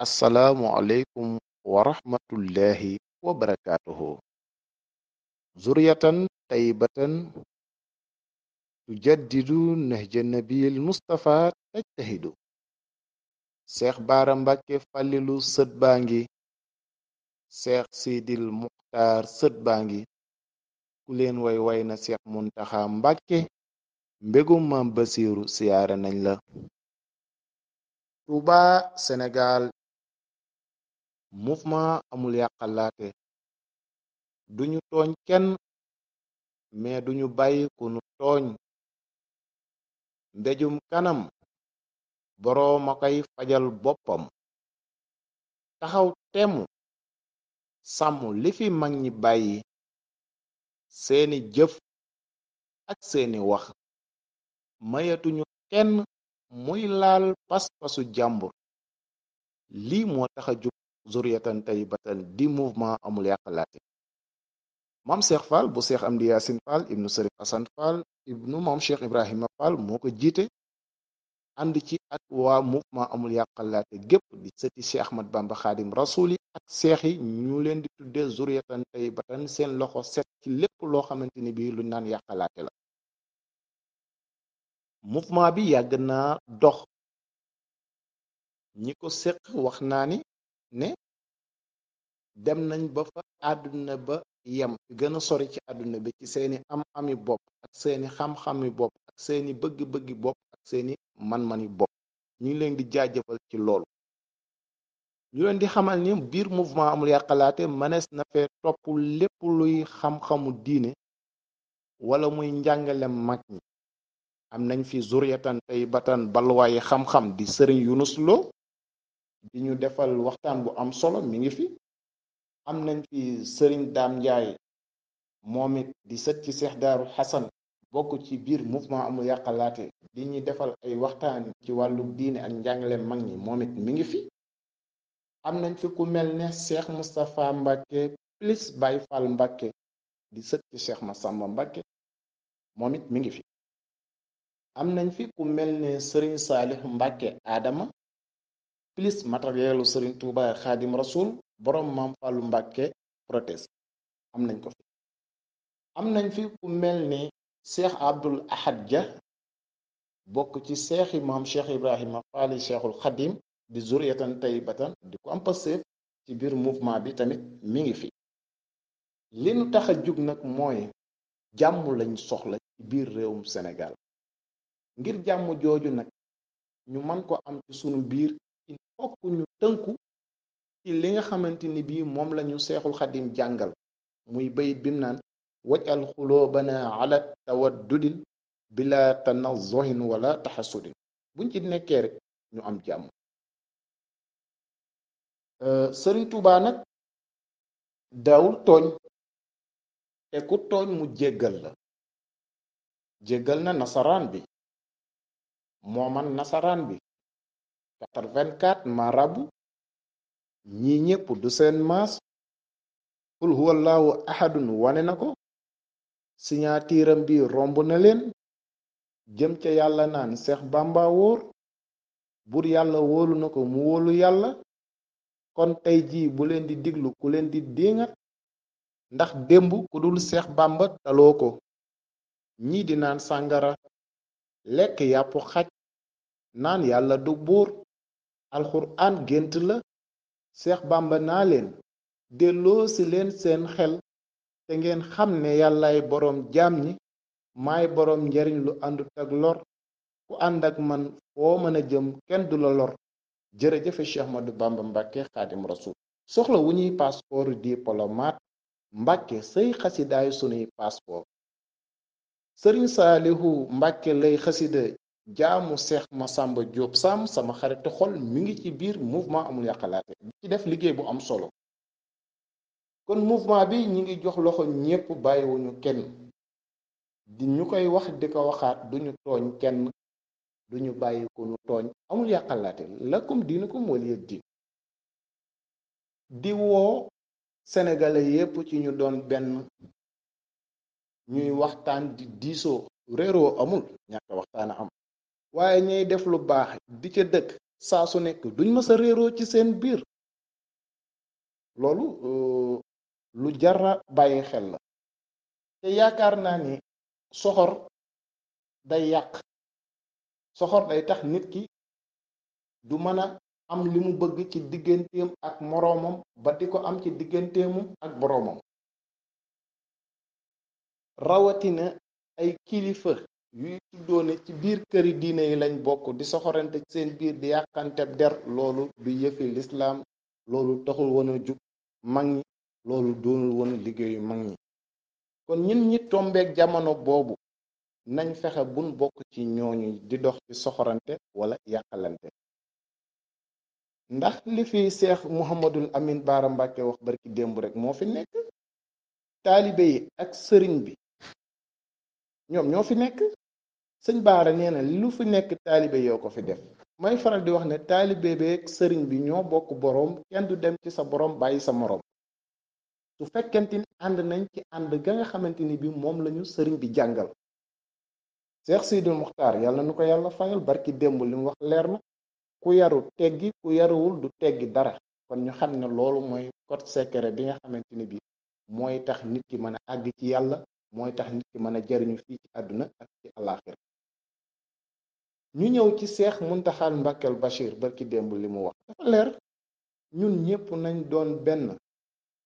asalaamualeykum wa rahmatullahi wa barakaatuhu zuriyatan tayyibatan tujaddidu nahja nabiyil mustafa tajtahidu seex baara mbàkke fàllilu sët baa ngi seex siidil muxtaar sët baa ku leen way way na seex muntaxa mbàkke mbégum maam basiiru siyaare tuuba senegal mouvement amul yàqalaate duñu tooñ kenn mais duñu bàyyi ku tooñ mbejum kanam borooma kay fajal boppam taxaw temu sàmm li fi mag ñi bàyyi seeni jëf ak seeni wax mayatuñu kenn muy laal pas jàmbur lii moo taxa jub zuriyatan tayyibatan di mouvement amul yàqalaate maam Cheikh Fall bu Cheikh Amdi Yaasin Fall ibnu Serif Assane Fall ibnu maam Cheikh Ibrahima Fall moo ko jiite ànd ci ak waa mouvement amul yàqalaate gépp di seti Cheikh Ahmad Bamba Xaadim Rasuul ak seex yi ñu leen di tuddee zuriyatan tayyibatan seen loxo set ci lépp loo xamante ni bii lu naan yàqalaate la mouvement bi yàgg na dox ñi ko séq wax naa ni ne dem nañ ba fa àdduna ba yam gën a sori ci àdduna bi ci seeni am-ami bopp ak seeni xam-xami bopp ak seeni bëgg-bëggi bopp ak seeni man-mani bopp ñu ngi leen di jaajëfal ci loolu ñu leen di xamal ni biir mouvement amul yàqalaate mënees na fee topp lépp luy xam-xamu diine wala muy njàngale mag ñi am nañ fi zuriyatan tayyibatan balwaayi xam-xam di sëriñ Yunus Lo di ñu defal waxtaan bu am solo mi ngi fi am nañ fi sëriñ daam njaay moom it di sët ci seex daaru xasan bokk ci biir mouvement amul yàqalaate di ñu defal ay waxtaan ci wàllu diine ak njàngale mag ñi moom it ngi fi am nañ fi ku mel ne seex di sët ci seex masamba mbàkke mi ngi fi am nañ fi ku mel ne sëriñ saalix mbàkke aadama plus matérielu Serigne Touba Xaadim Rasoul borom Maam Fàllu Mbàkke prothèse am nañ ko fi am nañ fi ku mel ni Cheikh Abdul Ahad ja bokk ci seexi maam Cheikh Ibrahima Faali Cheikhul Xadim di zuriyatan tayyibatan di ko am ci biir mouvement bi tamit mi ngi fi li nu tax a jug nag mooy jàmmu lañ soxla ci biir réewum Sénégal ngir jàmm jooju nag ñu mën ko am ci sunu biir il faut ñu tënku ci li nga xamante ni bii moom lañu ñu seexul xadim jàngal muy bayit bim naan wajal xulóobana ala tawaddudin bila tanazohin wala taxasudin buñ ci nekkee rek ñu am jàmm euh, sëriñ Tuubaa nag daawul tooñ te tooñ mu jéggal la jéggal na nasaraan bi mooman nasaraan bi quatre ràbb quatre marabu ñi ñépp du seen maas qul huwallahu ahadun wane na ko siñaatiiram bi romb na leen jëm ca yàlla naan seex bàmba wóor buur yàlla wóolu na ko mu wóolu yàlla kon tey jii bu leen di diglu ku leen di diŋat ndax démb ku dul seex bàmba taloo ko ñii di naan sàngara lekk yàppu xaj naan yàlla du buur alxuraan gént la seex bàmba naa leen delloo ci leen seen xel te ngeen xam ne yàllaay boroom jaam ñi maay boroom njariñ lu àndut ak lor ku ànd ak man foo mën a jëm kenn du la lor jërëjëfe Cheikh Ahmadou Bamba Mbàkke xaadim rasul soxla wu ñuy passeport diplomate Mbàkke say xasidaayu sunuy passeport sëriñ saalihu Mbàkke lay xasida jaamu seex sàmba Diop sàmm sama xarit xol mi ngi ci biir mouvement amul yàqalaate ci def liggéey bu am solo kon mouvement bi ñi ngi jox loxo ñépp bàyyiwuñu kenn di ñu koy wax di ko waxaat duñu tooñ kenn duñu bàyyi ko ñu tooñ amul yàqalaate lakum diinukum waliya diin di woo sénégalais yépp ci ñu doon benn ñuy waxtaan di diisoo réeroo amul ñàkk waxtaan a am waaye ñay def lu baax di ca dëkk saa su nekk duñ mës a réeroo ci seen biir loolu euh, lu jara bàyyi xel la te yaakaar naa ni soxor day yàq soxor day tax nit ki du mën a am li mu bëgg ci digganteem ak moroomam ba di ko am ci digganteemu ak boroomam rawatina ay kilifa yuy tuddoo ne ci biir këri diine yi lañ bokk di soxorante seen biir di yàqante der loolu bi yëfi lislaam loolu taxul woon a jug mag ñi loolu doonul woon liggéeyu mag ñi kon ñun ñi tombeek jamono boobu nañ fexe buñ bokk ci ñooñu di dox ci soxorante wala yàqalante ndax li fi seex muhammadul amin baara mbàkke wax barki démb rek moo fi nekk taalibe yi ak sëriñ bi ñoom ñoo fi nekk sëñ Baara nee na lu fi nekk taalibe yoo ko fi def may faral di wax ne taalibe beeg sëriñ bi ñoo bokk boroom kenn du dem ci sa boroom bàyyi sa moroom su fekkente ni ànd nañ ci ànd ga nga xamante ni bi moom lañu sëriñ bi jàngal Seex Seydul Muxtaar yàlla nu ko yàlla fayal barki démb li wax leer na ku yaru teggi ku yaruwul du teggi dara kon ñu xam ne loolu mooy code secret bi nga xamante ni bi mooy tax nit ki mën a àgg ci yàlla mooy tax nit ki mën a jariñu fii ci àdduna ak ci ñu ñëw ci seex muntaxaan mbàkkeel bachir barki démb li mu wax dafa leer ñun ñépp nañ doon benn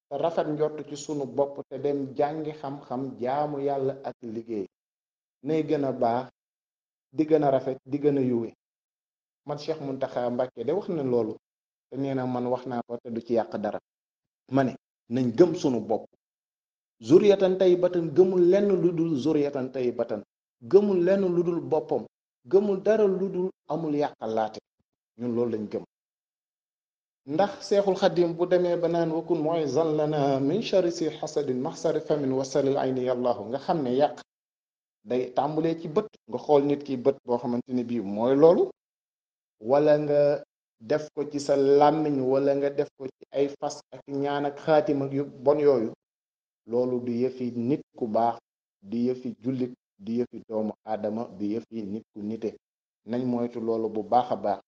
te rafet njort ci sunu bopp te dem jàngi xam-xam jaamu yàlla ak liggéey nay gën a baax di gën a rafet di gën a yuwe man seex muntaxa mbàkke de wax na loolu te nee na man wax naa ko te du ci yàq dara ma ne nañ gëm sunu bopp zuriyatan tey batan gëmul lenn lu dul zuriyatan tey batan gëmul lenn lu dul boppam gëmul dara lu dul amul yàqalaate ñun loolu lañ gëm ndax seexul xadim bu demee ba naan wakun mooy zan lana min shari si xasadin maxsari famin wasalil ayni yàllaahu nga xam ne yàq day tàmbulee ci bët nga xool nit ki bët boo xamante ni bii mooy loolu wala nga def ko ci sa làmmiñ wala nga def ko ci ay fas ak ñaan ak xaatim ak yu bon yooyu loolu du yëfi nit ku baax di yëfi jullit di yëfi doomu aadama du yëfi nit ku nite nañ moytu loolu bu baax a baax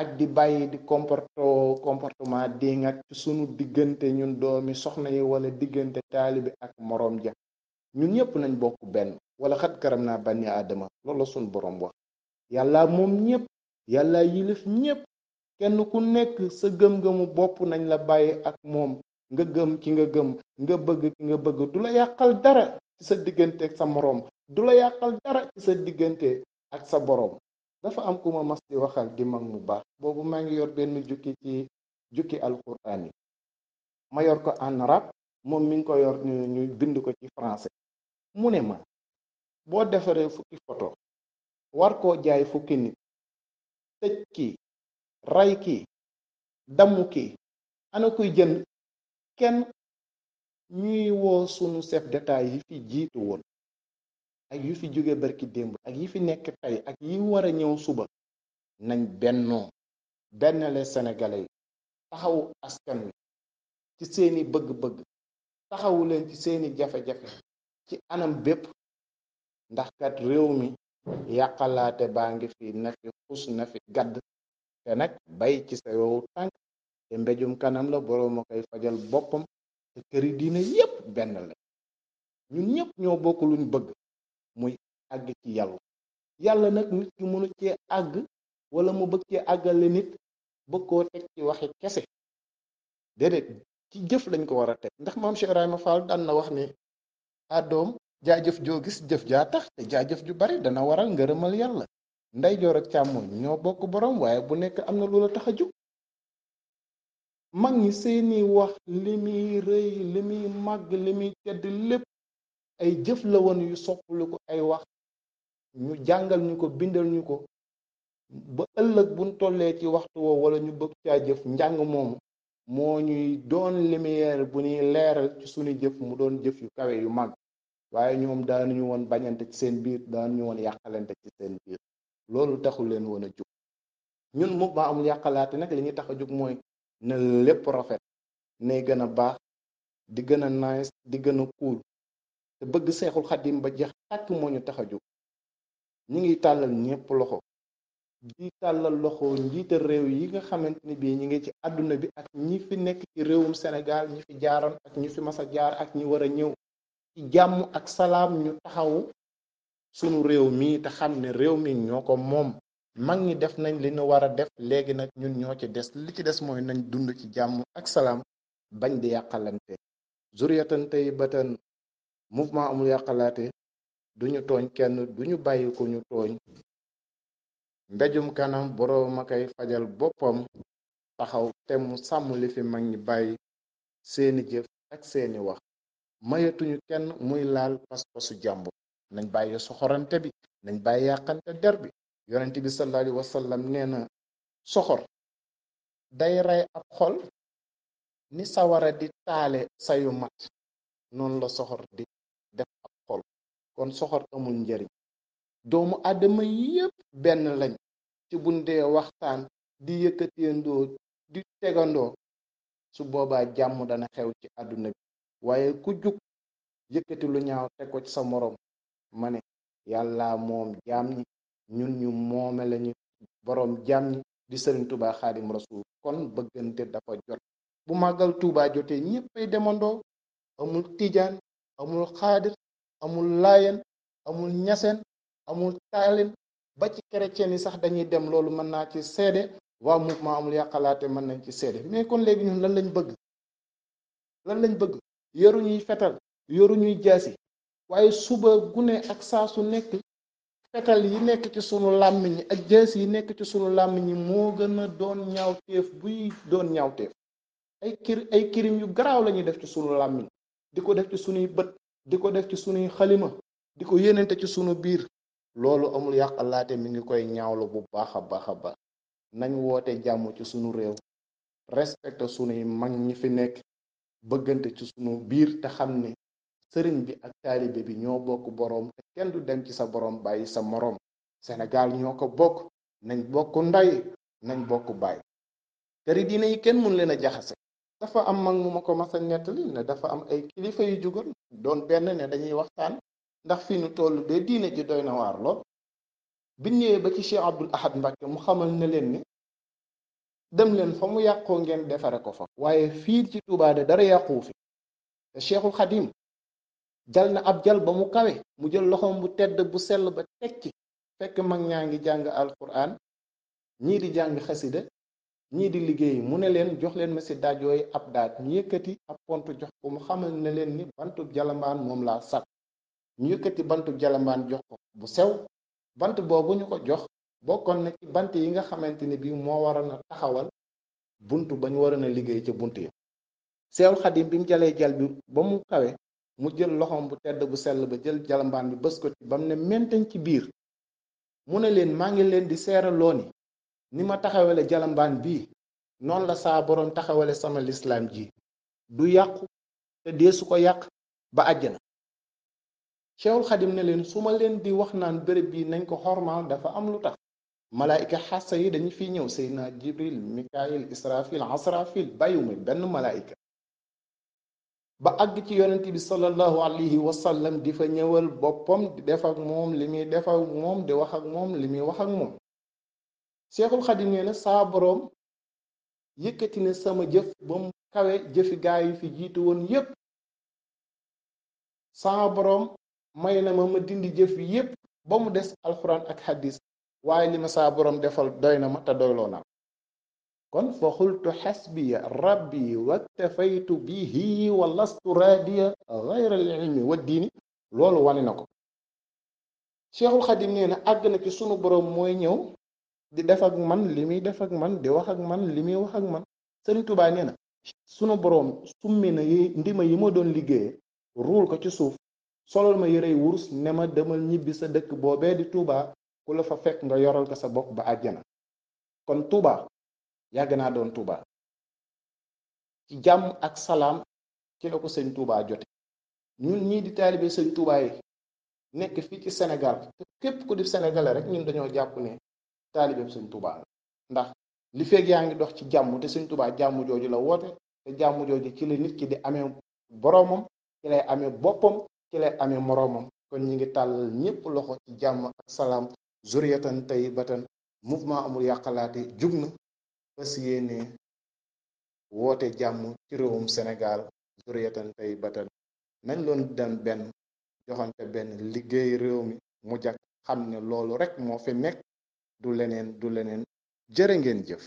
ak di bàyyi di comporto comportement di ngak ci sunu diggante ñun doomi soxna yi wala diggante taalibi ak moroom ja ñun ñëpp nañ bokk benn wala xat karam naa bani aadama loolu la sunu boroom wax yàlla moom ñëpp yàlla yilif ñëpp kenn ku nekk sa gëm-gëmu bopp nañ la bàyyi ak moom nga gëm ki nga gëm nga bëgg ki nga bëgg du la yàqal dara ci sa diggante ak sa moroom du la yàqal dara ci sa diggante ak sa boroom dafa am ku ma mas di waxal di mag mu baax boobu maa ngi yor benn jukki ci jukki alquran yi ma yor ko en arabe moom mi ngi ko yor ñu bind ko ci français mu ne ma boo defaree fukki photo war koo jaay fukki nit tëj ki ray ki damm ki ana kuy jënd kenn ñuy woo sunu set d'état yi fi jiitu woon ak yu fi jóge barki démb ak yi fi nekk tey ak yi war a ñëw suba nañ bennoo benn les sénégalais yi taxawu askan wi ci seeni bëgg-bëgg taxawu leen ci seeni jafe-jafe ci anam bépp ndaxkat réew mi yàqalaate baa ngi fi na fi xus na gadd te nag bay ci sa yow tànk te mbéjum kanam la boroom a koy fajal boppam te këri diine yépp benn la ñun ñépp ñoo bokk luñ bëgg muy àgg ci yàlla yàlla nag nit ki mënu cee àgg wala mu bëgg cee àggale nit bëgg koo teg ci waxe kese déedéet ci jëf lañ ko war a teg ndax maam Cheikh Ibrahima Fall daan na wax ne adoom jaajëf joo gis jëf jaa tax te jaajëf ju bari dana waral ngërëmal yàlla ndeyjoor ak càmmoñ ñoo bokk borom waaye bu nekk am na lu la tax a jóg mag ñi seeni wax li muy rëy li muy màgg li muy tedd lépp ay jëf la woon yu sopplu ko ay wax ñu jàngal ñu ko bindal ñu ko ba ëllëg buñ tollee ci waxtu woo wala ñu bëgg caa jëf njàng moomu moo ñuy doon lumière bu ñuy leeral ci suñu jëf mu doon jëf yu kawe yu mag waaye ñoom daanuñu woon bañante ci seen biir daanuñu woon yàqalante ci seen biir loolu taxul leen woon a jug ñun mouvement amul yàqalaate nag li ñuy tax a jug mooy na lépp rafet nay gën a baax di gën a nice di gëna a te bëgg seexul xaddim ba jeex tàkk moo ñu tax ñu ngi tàllal ñépp loxo di tàllal loxo njiital réew yi nga xamante ni bii ñi ngi ci àdduna bi ak ñi fi nekk ci réewum Sénégal ñi fi jaaroon ak ñi fi mas a jaar ak ñi war a ñëw ci jàmm ak salaam ñu taxawu sunu réew mi te xam ne réew mi ñoo ko moom mag ñi def nañ li ñu war a def léegi nag ñun ñoo ci des li ci des mooy nañ dund ci jàmm ak salaam bañ di yàqalante zuriyatan tayyibatan mouvement amul yàqalaate duñu tooñ kenn duñu bàyyi ko ñu tooñ mbéjum kanam boroom a koy fajal boppam taxaw te mu sàmm li fi mag ñi bàyyi seeni jëf ak seeni wax mayetuñu kenn muy laal pas-pasu jàmbu nañ bàyyi soxorante bi nañ bàyyi yàqante der bi yonent bi sallallahu alayhi wasallam nee na soxor day rey ab xol ni sawara di taale sayu mat noonu la soxor di def ak xol kon soxor amul njariñ doomu adama yépp benn lañ ci bundee waxtaan di yëkkateendoo di tegandoo su boobaa jàmm dana xew ci àdduna bi waaye ku jug yëkkati lu ñaaw teg ko ci sa moroom ma ne yàlla moom jaam ñi ñun ñu moome lañu boroom jaam ñi di sëriñ tubaa xaadim rasul kon bëggante dafa jot bu màggal Tuubaa jotee ñéppay demandoo amul tijaan amul xaadir amul layen amul ñasen amul taalin ba ci chrétien yi sax dañuy dem loolu mën naa ci seede waa mouvement amul yàqalaate mën nañ ci seede mais kon léegi ñun lan lañ bëgg lan lañ bëgg yoru ñuy fetal yoru ñuy jaasi waaye suba gune ak saa su nekk fetal yi nekk ci sunu làmmiñ ak jaasi yi nekk ci sunu làmmiñ moo gën a doon ñaawteef buy doon ñaawteef ay kir ay kirim yu garaaw lañuy def ci sunu làmmiñ di ko def ci sunuy bët di ko def ci sunuy xalima di ko yénente ci sunu biir loolu amul yàqalaate mi ngi koy ñaawlu bu baax a baax a baax nañ woote jàmm ci sunu réew respecte sunuy mag ñi fi nekk bëggante ci sunu biir te xam ni sëriñ bi ak taalibe bi ñoo bokk boroom te kenn du dem ci sa boroom bàyyi sa moroom senegal ñoo ko bokk nañ bokk nday nañ bokk bàyyi këri diine yi kenn mun leen a jaxase dafa am mag mu ma ko mas a nettali ne dafa am ay kilifa yu jugoon doon benn ne dañuy waxtaan ndax fi nu toll de diine ji doy na waar lool ñëwee ba ci Cheikh Abdul Ahad Mbacke mu xamal na leen ni dem leen fa mu yàqoo ngeen defaree ko fa waaye fii ci Touba de dara yàquwu fi te Cheikhul Xadim jal na ab jal ba mu kawe mu jël loxoom bu tedd bu sell ba tekki fekk mag ñaa ngi jàng alquran ñii di jàng xasida ñii di liggéey mu ne leen jox leen ma si daaj ab daaj ñu yëkkati ab pont jox ko mu xamal ne leen ni bantu jalambaan moom laa sàkk ñu yëkkati bantu jalambaan jox ko bu sew bant boobu ñu ko jox bokkoon na ci bant yi nga xamante ne bii moo waral na taxawal bunt ba ñu waroon a liggéey ca bunt yi seewul xadim bi jalee jal bi ba mu kawe mu jël loxoom bu tedd bu sell ba jël jalambaan bi bës ko ci ba mu ne menten ci biir mu ne leen maa ngi leen di seera ni ni ma taxawale jalambaan bi noonu la saa boroom taxawale sama lislaam ji du yàqu te deesu ko yàq ba àjjana Cheikhul Xadim ne leen su ma leen di wax naan bërëb bi nañ ko xormaal dafa am lu tax malaayika xasa yi dañu fi ñëw seydna jibril mikaayil israfil asrafil bàyyiwume benn malaayika ba àgg ci yonent bi sallallahu alayhi wa di fa ñëwal boppam di def ak moom li muy def ak moom di li muy wax ak moom seexul xadim nee na saa boroom yëkkati na sama jëf ba mu kawe jëfi gaa yi fi jiitu woon yëpp saa boroom may na ma ma dindi jëf yépp ba mu des alxuraan ak xaddis waaye li ma saa boroom defal doy na ma te doyloo naa kon fa xultu xasbiya rabbi waktafaytu bihi wa lastu raadiya gayra al ilmi wa diini loolu wane na ko seexul xaddi nee na àgg na ci sunu boroom mooy ñëw di def ak man li muy def ak man di wax ak man li muy wax ak man Serigne Touba nee na sunu boroom summi na yi ndima yi ma doon liggéeyee ruur ko ci suuf solal ma yërey wurus ne ma demal ñibbi sa dëkk boobee di Touba ku la fa fekk nga yoral ko sa bopp ba àjjana kon tuubaa yàgg naa doon Touba ci jàmm ak salaam ci la ko sëñ Touba jote ñun ñii di taalibe sëñ Touba yi nekk fii ci Sénégal képp ku di Sénégalais rek ñun dañoo jàpp ne taalibeeb sëñ tubaa ndax li feeg yaa ngi dox ci jàmm te sëñ tubaa jàmm jooju la woote te jàmm jooju ci la nit ki di amee boroomam ci lay amee boppam ci lay amee moroomam kon ñi ngi tàll ñépp loxo ci jàmm ak salaam zuriyatan tayyibatan mouvement amul yàqalaate jug na fas yéene woote jàmm ci réewum Sénégal zuriyatan tayyibatan nañ loon dem benn joxante benn liggéey réew mi mu jag xam ne loolu rek moo fi nekk du leneen du leneen jërë ngeen jëf